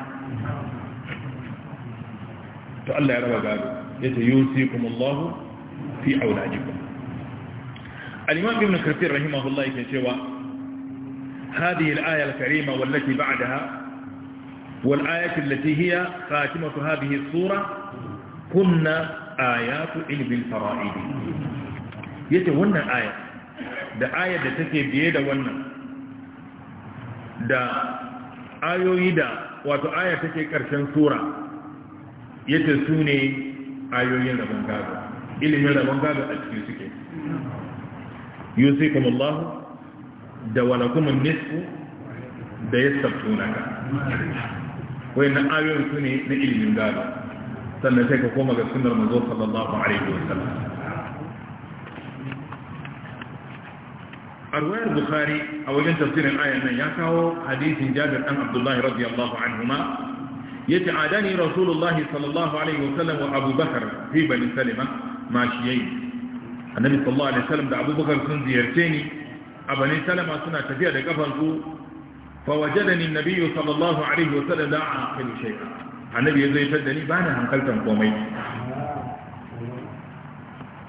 to Allah ya raba gado yace Allah fi auladikum al-imam ibn kathir rahimahullah yake cewa هذه الآية الكريمة والتي بعدها والآية التي هي خاتمة هذه الصورة كنا ayatu ilmin fara'idi yace wannan aya da aya da take biye da wannan da ayoyi da wato aya take karshen sura yace su ne ayoyin rabon gado ilimin rabon gado a cikin suke yusikum Allah da walakum nisfu da yastabtunaka wayannan ayoyin su ne na ilimin gado سنة شيء كقومة كسنة رمضان صلى الله عليه وسلم أرواية البخاري أو جن تفسير الآية من يكاو حديث جابر عن عبد الله رضي الله عنهما يتعاداني رسول الله صلى الله عليه وسلم وأبو بكر في بني سلمة ماشيين النبي صلى الله عليه وسلم أبو بكر كان زيرتيني أبو بني سلمة سنة تفيا لكفر فوجدني النبي صلى الله عليه وسلم لا عاقل شيئا annabi ya zai tattali ni ba na hankaltan komai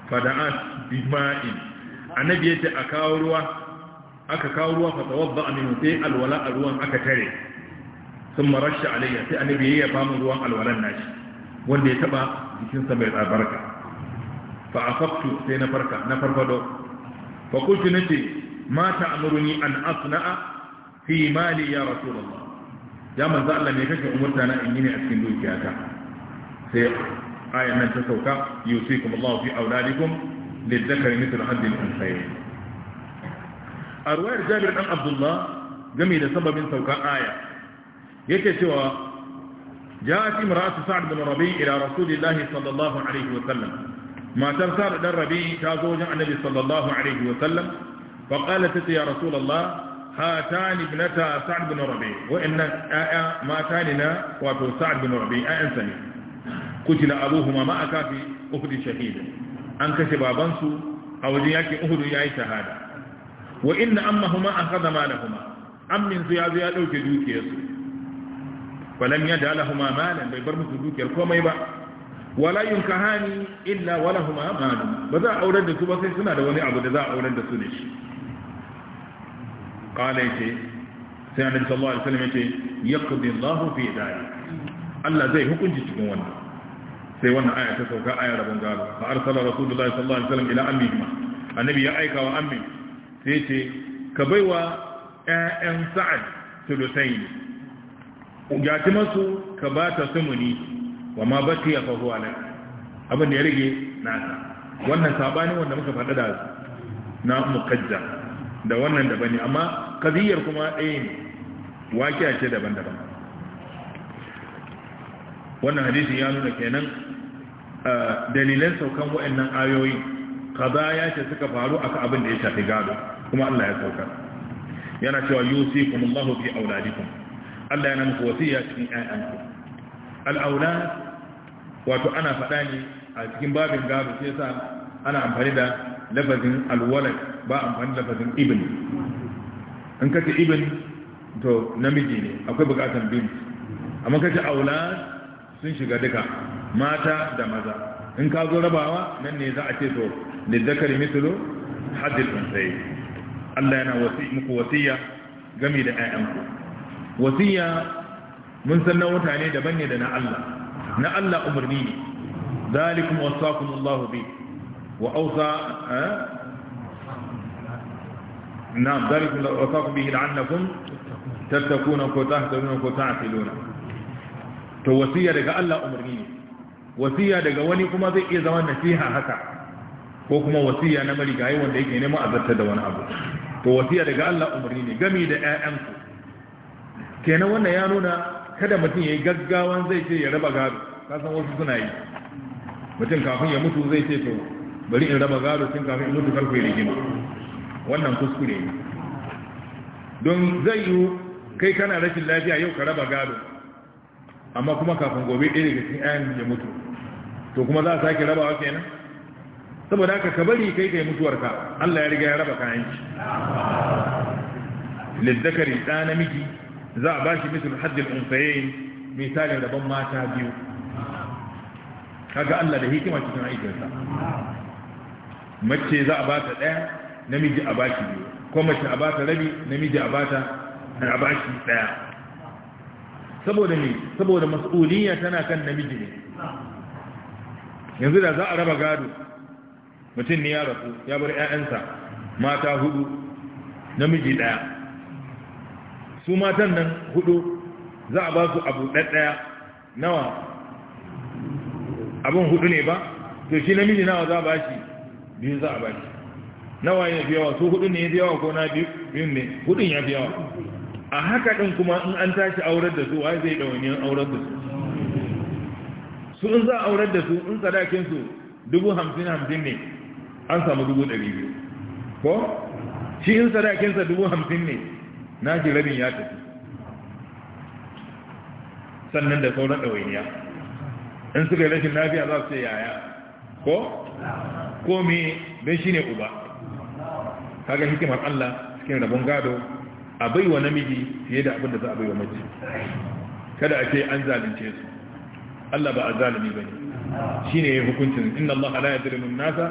fada'at bima'in annabi ya ce a kawo ruwa aka kawo ruwa fa tawadda min sai alwala ruwan aka tare sun marasha alayya sai annabi ya yaba min ruwan alwalan nashi wanda ya taba sa mai tsabarka fa afaqtu sai na farka na farfado fa kuntu nace mata ta'muruni an asna'a fi mali ya rasulullah ya manzo Allah ne kake umurta na in yi ne a cikin dukiyata sai ayan nan ta sauka yusikum Allah fi auladikum lidhakari mithlu hadhihi al arwayar Jabir dan Abdullah game da sababin sauka aya yake cewa جاءت امرأة سعد بن ربيع إلى sallallahu الله صلى الله عليه وسلم ما ta بن ربيع تازوج النبي صلى الله عليه وسلم فقالت يا رسول الله hatani binata sa'ad bin rabi wa'annan aya mata ne na wato sa'ad bin rabi ayan sani kutila abuhuma ma aka fi uhud shahida an kashe baban su a wajen yake uhud yayi shahada wa inna ammahuma akhadha malahuma am min su yazo ya dauke dukiyar su falam yada lahumma malan bai bar musu dukiyar komai ba wala yunkahani illa walahuma malun ba za a aurar da su ba sai suna da wani abu da za a aurar da su ne shi qala yace sai annabi sallallahu alaihi wasallam yace yaqdi Allah fi dari Allah zai hukunci cikin wannan sai wannan aya ta sauka aya rabon gado fa arsala rasulullahi sallallahu alaihi wasallam ila ammihi annabi ya aika wa ammi sai yace ka baiwa ƴaƴan sa'ad sulusain ugati masu ka bata ta sumuni wa ma baki ya huwa lak abin da ya rage nasa. wannan sabani wanda muka faɗa da na mukajja da wannan da bane amma kadiyar kuma ɗaya ne waƙiya ce daban-daban wannan hadisin ya nuna kenan dalilan saukan wa'annan ayoyi kaza ya ce suka faru aka abin da ya shafi gado kuma Allah ya sauka yana cewa yusi yusikum Allahu fi auladikum Allah yana muku wasiya cikin ƴaƴanku al-aulad wato ana faɗa ne a cikin babin gado sai sa ana amfani da lafazin al-walad ba amfani da lafazin ibn in kace ibin to namiji ne akwai bukatan bint amma kace aulad sun shiga duka mata da maza in ka zo rabawa nan ne za a ce to lizzakari mislu haddil unsay Allah yana wasi muku wasiya game da ayyanku wasiya mun san na mutane daban ne da na Allah na Allah umarni ne zalikum wasakum Allah bi wa awsa eh? نعم ذلك وصف به لعلكم تتقون ko tahtaduna ko ta'qiluna to wasiya daga Allah umarni wasiya daga wani kuma zai iya zama nasiha haka ko kuma wasiya na marigayi wanda yake neman azarta da wani abu to wasiya daga Allah umarni ne gami da ƴaƴansu. kenan wannan ya nuna kada mutum yayi gaggawan zai ce ya raba gado kasan wasu suna yi mutum kafin ya mutu zai ce to bari in raba gado tun kafin in mutu karku yi rigima wannan kuskure ne don zai yi kai kana rashin lafiya yau ka raba gado amma kuma kafin gobe ɗaya daga cikin ayan ya mutu to kuma za a sake rabawa kenan saboda haka ka bari kai kai mutuwarka Allah ya riga ya raba kayan shi lizzakari ɗa namiji za a bashi misal haddin unsayin misalin rabon mata biyu kaga Allah da hikima cikin aikinsa mace za a ba ta ɗaya namiji a bashi biyu ko mace a bata rabi namiji a bata a bashi daya saboda ne saboda mas'uliyya tana kan namiji ne yanzu da za a raba gado mutum ne ya rasu ya bar ƴaƴansa mata hudu namiji daya su matan nan hudu za a ba su abu ɗaya nawa abin hudu ne ba to shi namiji nawa za a ba shi biyu za a ba shi nawa ya fi yawa su hudu ne ya fi yawa ko na biyun ne hudun ya fi yawa a haka ɗin kuma in an tashi aurar da su wai zai ɗawainiyar aurar da su su in za a aurar da su in sadakinsu dubu hamsin hamsin ne an samu dubu ɗari biyu ko shi in sadakinsa dubu hamsin ne na ji rabin ya tafi sannan da sauran ɗawainiya in suka yi rashin lafiya za su ce yaya ko ko me don shi ne uba kaga hikimar Allah cikin rabon gado a baiwa namiji fiye da abin da za a baiwa mace kada a ce an zalunce su Allah ba a zalimi bane shine yayin hukuncin inna Allah la yadrimu an-nasa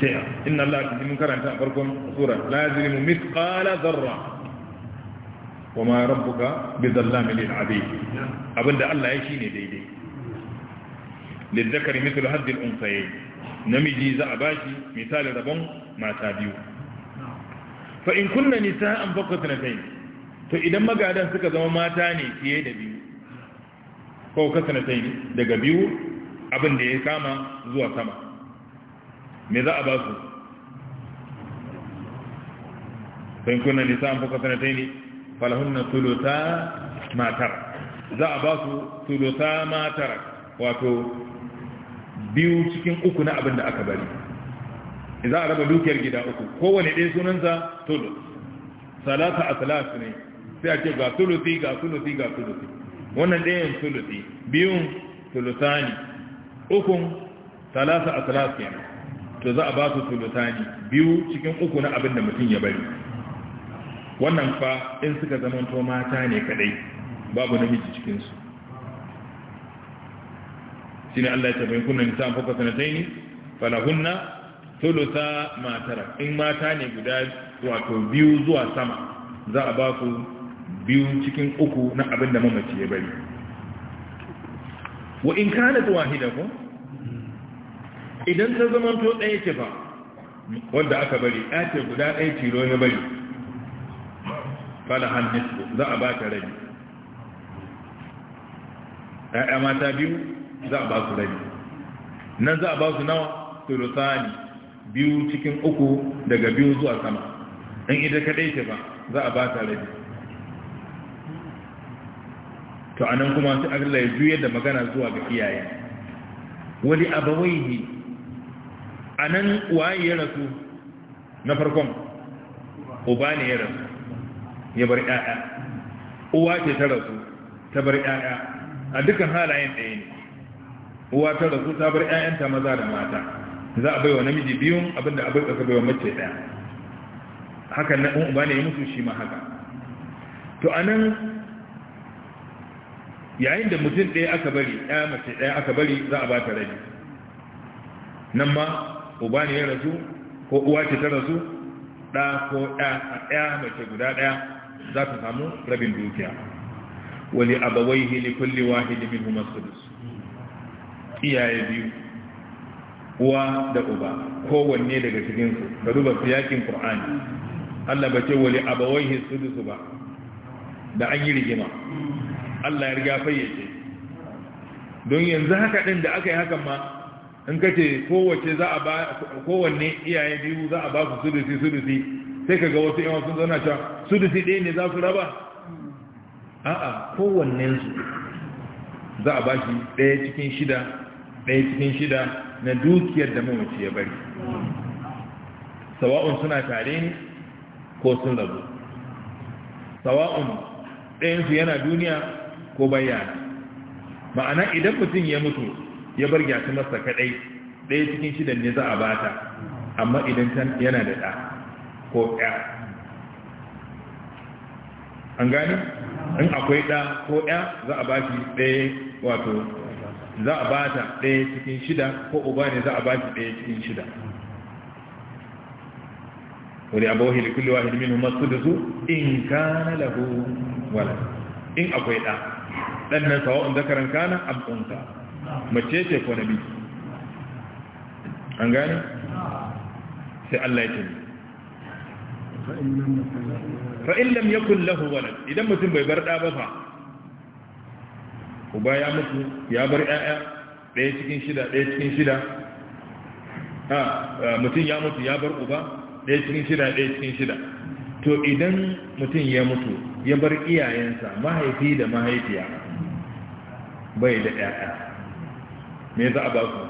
shay'a inna Allah mun karanta a farkon sura la yadrimu mithqala dharra wa ma rabbuka bi dhallamin lil abid abinda Allah ya shine daidai lil zakari mithlu hadd al-unthayayn namiji za a bashi misalin rabon mata biyu fa in kunna nisa'an faqat natayn to idan magadan suka zama mata ne fiye da biyu ko kasana sanatayn daga biyu abin da ya kama zuwa sama me za a ba su fa in kunna nisa'an faqat natayn falahunna thulutha ma tar za a ba su thulutha ma tar wato biyu cikin uku na abin da aka bari za a raba dukiyar gida uku kowane ɗaya sunansa tulus salata a salatu ne sai a ce ga tuluti ga tuluti ga tuluti wannan ɗayan tuluti biyun tulutani ukun salata a salatu ne to za a ba su tulutani biyu cikin uku na abin da mutum ya bari wannan fa in suka to mata ne kadai babu namiji cikinsu shi ne Allah ya tafi kunan nisa faka sanataini falahunna thulutha ma tara in mata ne guda wato biyu zuwa sama za a ba ku biyu cikin uku na abin da mamaci ya bari wa in kanat wahida ko idan ta zama to ɗaya ce ba wanda aka bari ɗace guda ɗaya tilo ya bari fala hannisu za a ba ta rabi ‘ya'ya mata biyu za a ba su rabi nan za a ba su nawa tulusani biyu cikin uku daga biyu zuwa sama in ita kadai ce ba za a ba ta rabi to anan kuma sai Allah ya juya da magana zuwa ga iyaye wali abawaihi anan waye ya rasu na farkon uba ne ya rasu ya bar ƴaƴa uwa ce ta rasu ta bar ƴaƴa a dukkan halayen ɗaya ne uwa ta rasu ta bar ƴaƴanta maza da mata za a bai wa namiji biyu abinda abin da aka bai wa mace daya haka na in uba ne ya mutu shi ma haka to anan yayin da mutum ɗaya aka bari ɗaya mace ɗaya aka bari za a ba ta rabi nan ma uba ne ya rasu ko uwa ce ta rasu ɗa ko ɗaya mace guda ɗaya za ta samu rabin dukiya wani abawai hili kulli wahili min kudus iyaye biyu uwa da uba kowanne daga cikinsu ga duba siyakin qur'ani Allah ba ce wali abawaihi sudusu ba da an yi rigima Allah ya riga fayyace don yanzu haka din da aka yi hakan ma in ka ce kowace za a ba kowanne iyaye biyu za a ba su sudusi sudusi sai ka ga wasu yawan sun zauna cewa sudusi ɗaya ne za su raba a'a kowannensu za a ba shi ɗaya cikin shida ɗaya cikin shida na dukiyar da mamaci ya bari sawa'un suna tare ne ko sun rabu sawa'un ɗayansu yana duniya ko bayyana ma'ana idan mutum ya mutu ya bar gyasi masa kaɗai ɗaya cikin shidan ne za a bata amma idan yana da ɗa ko ɗa an gani in akwai ɗa ko ɗa za a ba shi ɗaya wato za a ba ta ɗaya cikin shida ko uba ne za a ba ɗaya cikin shida wani abuwa da wahi hidimin masu da su in kana lahu wala in akwai ɗa ɗan nan sawa'un zakaran kana abunta mace ce ko nabi an gane sai Allah ya ce fa'in lam yakun lahu wala idan mutum bai bar ɗa ba fa uba ya mutu ya bar ƴaƴa ɗaya cikin shida ɗaya cikin shida ha mutum ya mutu ya bar uba ɗaya cikin shida ɗaya cikin shida to idan mutum ya mutu ya bar iyayensa mahaifi da mahaifiya bai da ƴaƴa me za a ba ku?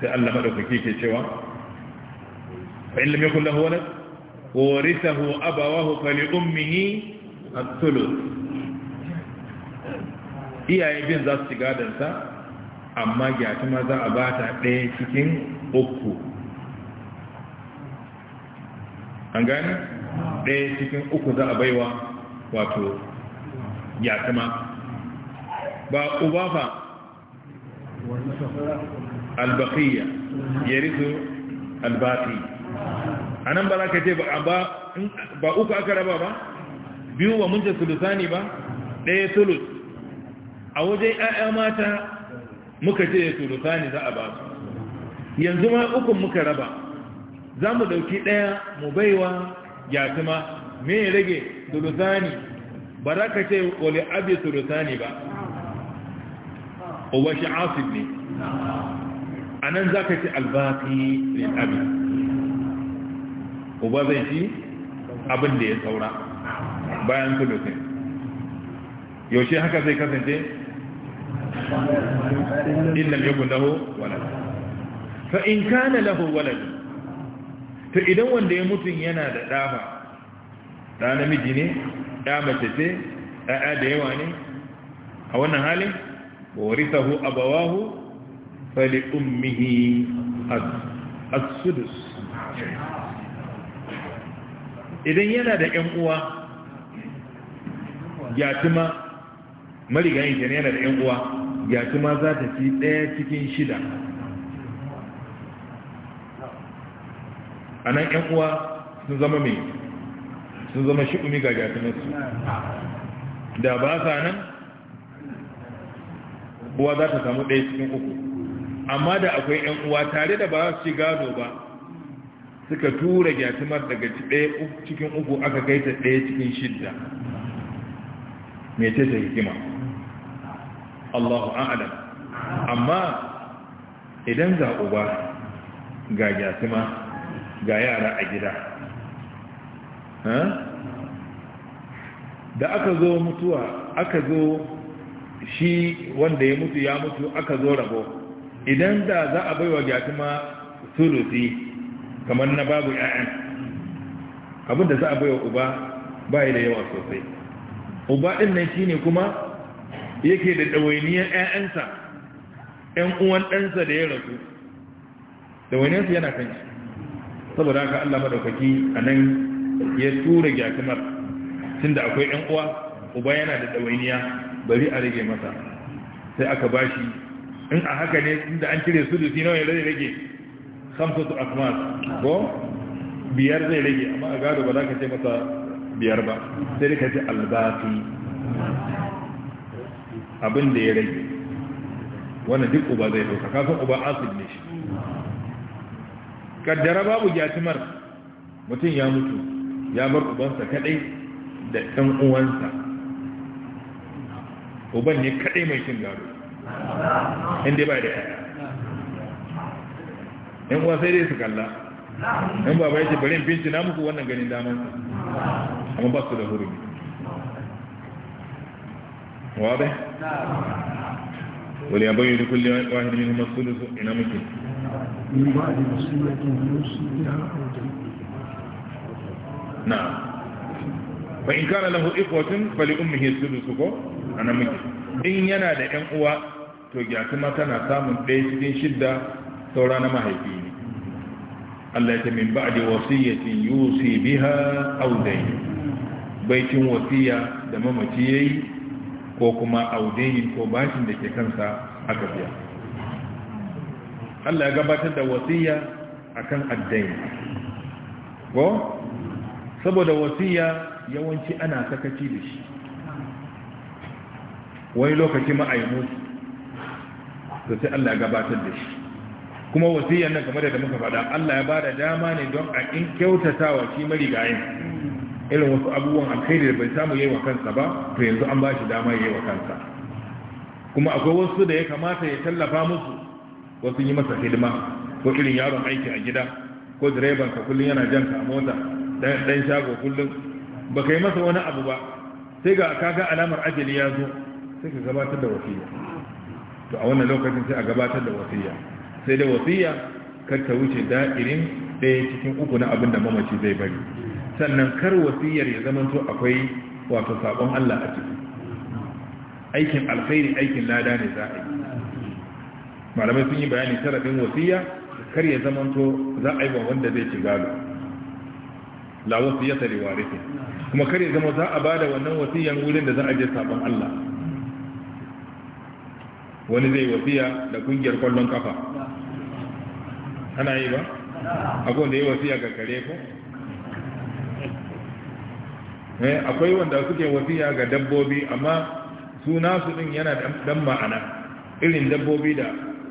sai Allah madaukaki ke cewa fa in lam yakul lahu walad warithahu abawahu fa li ummihi الثلث iyaye bin za su ci gadansa amma gyatuma za a ba ta ɗaya cikin uku an gani ɗaya cikin uku za a baiwa wato gyatuma ba uba fa albaqiya yarisu A nan ba za ka ce ba uku aka raba ba biyu ba mun ce sulusani ba ɗaya sulus a wajen 'ya'ya mata muka ce ya sulusa ne za a ba su yanzu ma ukun muka raba za mu ɗauki ɗaya mu baiwa yatuma me rage sulusa ne ba za ka ce wale abi sulusa ne ba uba shi asib ne a nan za ka ce albaki ne abi uba zai ci abin da ya saura bayan sulusin yaushe haka zai kasance in lam yakun lahu walad fa in kana lahu walad to idan wanda ya mutu yana da dafa da namiji ne da mace ce da yawa ne a wannan halin warithahu abawahu fa li ummihi as ƴan uwa yatima yana da ƴan uwa gashi ma za ta ci ɗaya cikin shida a nan 'yan uwa sun zama mai sun zama shi'umi ga gatunansu da ba sa nan uwa za ta samu ɗaya cikin uku amma da akwai 'yan uwa tare da ba su ci gado ba suka tura gyatumar daga ɗaya cikin uku aka gaita ɗaya cikin shidda mai ce ta hikima Allahu a'lam amma idan ga uba ga gyasima ga yara a gida da aka zo mutuwa aka zo shi wanda ya mutu ya mutu aka zo rabo idan da za a baiwa gyasima sulusi kamar na babu ya'yan abinda za a baiwa uba bai da yawa sosai uba ɗin nan shine kuma yake da ɗawainiyar 'ya'yansa 'yan uwan ɗansa da ya rasu ɗawainiyarsa yana kan shi saboda haka Allah madaukaki a nan ya tura gyatumar tunda akwai 'yan uwa uba yana da ɗawainiya bari a rage masa sai aka bashi in a haka ne inda an cire su dusi nawa ya rage rage samsatu akmas ko biyar zai rage amma a gado ba za ka ce masa biyar ba sai ka ce albafi abin da ya rage wani duk uba zai dauka kasan uba asib ne shi kaddara babu gyatimar mutum ya mutu ya bar ubansa kadai da ɗan uwansa uban ne kadai mai cin gado inda ba da yaya ɗan uwa sai dai su kalla ɗan baba ya ce bari in binci na muku wannan ganin damansa amma ba su da hurumi واضح وليبين لكل واحد منهم الثلث إن ممكن نعم فإن كان له إخوة فلأمه الثلث أنا ممكن إن ينادى أن هو توجع كما كان سام بيت شدة ثورانا ما هي فيه التي من بعد وصية يوصي بها أو دين بيت وصية دمامتي ko kuma audayin ko bashin da ke kansa aka biya Allah ya gabatar da wasiya akan addain ko saboda wasiya yawanci ana sakaci da shi wani lokaci ma'aimu to sai Allah ya gabatar da shi kuma wasiyan nan kamar da muka faɗa Allah ya ba da dama ne don a in kyautatawa shi marigayin irin wasu abubuwan alkhairi da bai samu yayi wa kansa ba to yanzu an ba shi dama yayi wa kansa kuma akwai wasu da ya kamata ya tallafa musu wasu yi masa hidima ko irin yaron aiki a gida ko direban ka kullun yana jan ka a mota dan dan shago kullun ba kai masa wani abu ba sai ga kaga alamar ajali ya zo sai ka gabatar da wasiya to a wannan lokacin sai a gabatar da wasiya sai da wasiya kar ta wuce da'irin ɗaya cikin uku na abin da mamaci zai bari sannan kar wasiyar ya zamanto akwai wato sabon Allah a ciki aikin alkhairi aikin lada ne za a yi malamai sun yi bayani sharafin wasiya kar ya zamanto za a yi wa wanda zai ci gado la wasiyata li warithi kuma kar ya zama za a bada wannan wasiyan wurin da za a je sabon Allah wani zai wasiya da kungiyar kwallon kafa ana yi ba akwai wanda ya wasiya ga kare ko Eh, akwai wanda suke wasiya ga dabbobi amma suna su din yana dan ma'ana irin dabbobi da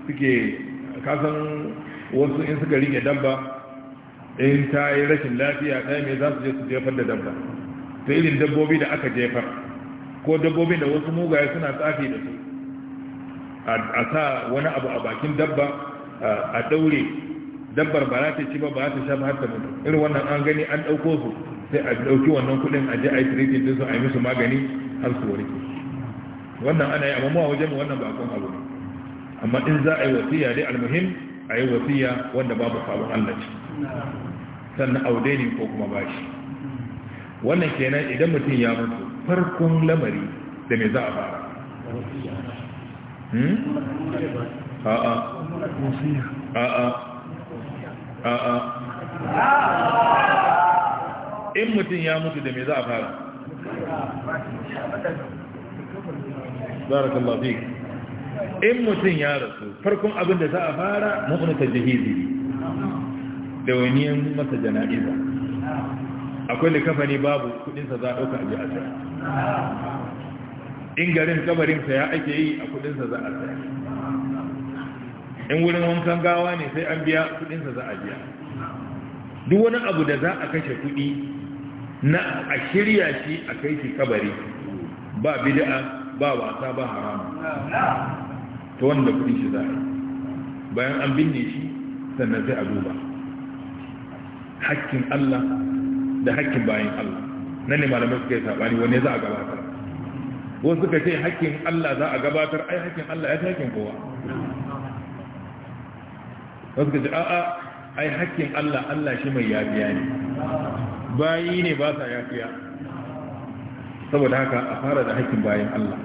suke kasan wasu in suka rike dabba in ta yi rashin lafiya ɗaya mai za su je su jefar da dabba ta irin dabbobi da aka jefar ko dabbobin da wasu mugaye suna tsafi da su a sa wani abu a bakin dabba a ɗaure dabbar ba za ta ci ba ba za ta sha ba har ta mutu irin wannan an gani an ɗauko su sai a ɗauki wannan kuɗin a je a yi tirikin ɗinsu a yi musu magani har su warke wannan ana yi amma mu a wajen wannan ba kon abu amma in za a yi wasiya dai almuhim a yi wasiya wanda babu sabon Allah ce sannan audaini ko kuma bashi wannan kenan idan mutum ya mutu farkon lamari da me za a fara hmm? a'a a'a a'a a'a in mutum ya mutu da me za a fara barakallahu in mutum ya rasu farkon abin da za a fara mu'unta jihizi da wani masa jana'iza akwai da kafani babu kudinsa za a ɗauka a ji a in garin kabarinsa ya ake yi a kudinsa za a sai in wurin wankan gawa ne sai an biya kudinsa za a biya duk wani abu da za a kashe kudi na a shirya shi a kai shi kabari ba bid'a ba wasa ba haramu ta wanda kudin shi za a bayan an binne shi sannan sai a duba hakkin Allah da hakkin bayan Allah nan ne malamai suka yi sabani wanne za a gabatar wasu suka ce hakkin Allah za a gabatar ai hakkin Allah ya ta hakkin kowa wasu suka ce a'a ai hakkin Allah Allah shi mai yafiya ne bayi ne ba sa yafiya saboda haka a fara da hakkin bayan Allah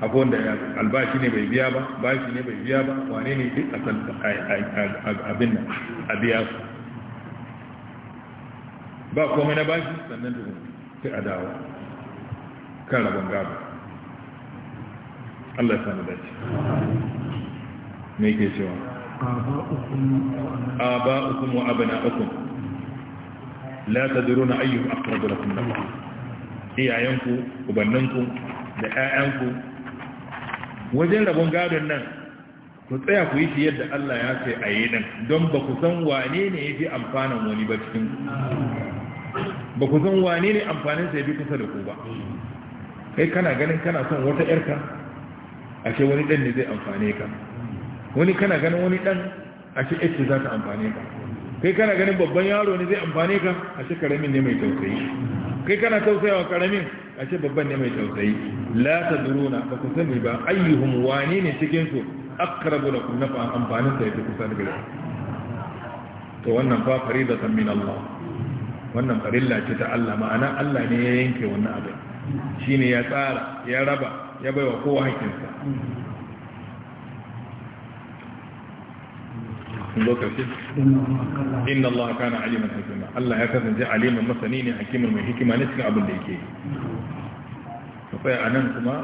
akwai wanda albashi ne bai biya ba bashi ne bai biya ba wane ne duk abin nan a biya su ba komai na bashi sannan da sai a dawo kan rabon gaba Allah ya sami dace me ke cewa a ba'ukun wa a ukun. la tadruna ayyuhum aqrabu lakum Allah iyayenku ubanninku da ƴaƴanku wajen rabon gadon nan ku tsaya ku yi shi yadda Allah ya ce a yi nan don ba ku san wane ne ya fi amfanin wani ba cikin ba ku san wane ne amfanin sai bi kusa da ku ba kai kana ganin kana son wata yarka a ce wani ɗan ne zai amfane ka wani kana ganin wani ɗan a ce ita za ta amfane ka kai kana ganin babban yaro ne zai amfane ka a ce karamin ne mai tausayi kai kana tausayawa karamin a ce babban ne mai tausayi la tadruna ba ku sani ba ayyuhum wani ne cikin su aqrabu lakum nafa amfanin sa yafi kusa da gare to wannan fa faridatan min Allah wannan farilla ce ta Allah ma'ana Allah ne ya yanke wannan abin shine ya tsara ya raba ya baiwa kowa hakkinsa kun inna Allah kana aliman hakima Allah ya kasance aliman masani ne hakiman mai hikima ne cikin abin da yake a nan kuma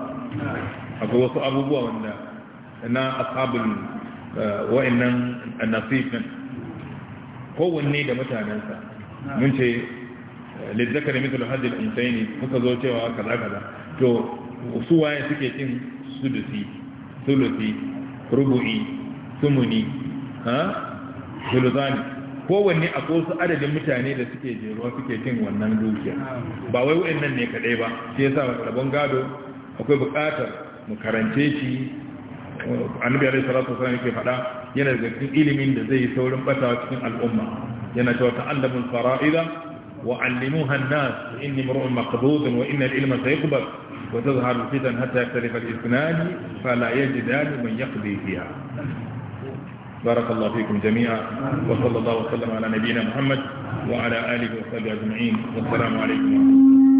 akwai wasu abubuwa wanda na ashabul eh, wa'annan nasif kowanne da mutanensa mun ce eh, lizzakar mithlu hadhihi al-insaini kuka zo cewa kaza kaza to su waye suke cin sudusi sulusi rubu'i sumuni zuluzani kowanne a kosu adadin mutane da suke jeruwa suke cin wannan dukiya ba wai wa'annan ne kadai ba shi yasa rabon gado akwai bukatar mu karance shi annabi alaihi salatu wasallam yake faɗa yana da cikin ilimin da zai yi saurin batawa cikin al'umma yana cewa al fara'ida wa 'allimuha an-nas inni mar'un maqbud wa inna al-ilma sayqbal wa tazharu fitan hatta yaktarifa al-isnad fala yajidani man yaqdi fiha بارك الله فيكم جميعا وصلى الله وسلم على نبينا محمد وعلى آله وصحبه أجمعين والسلام عليكم ورحمة الله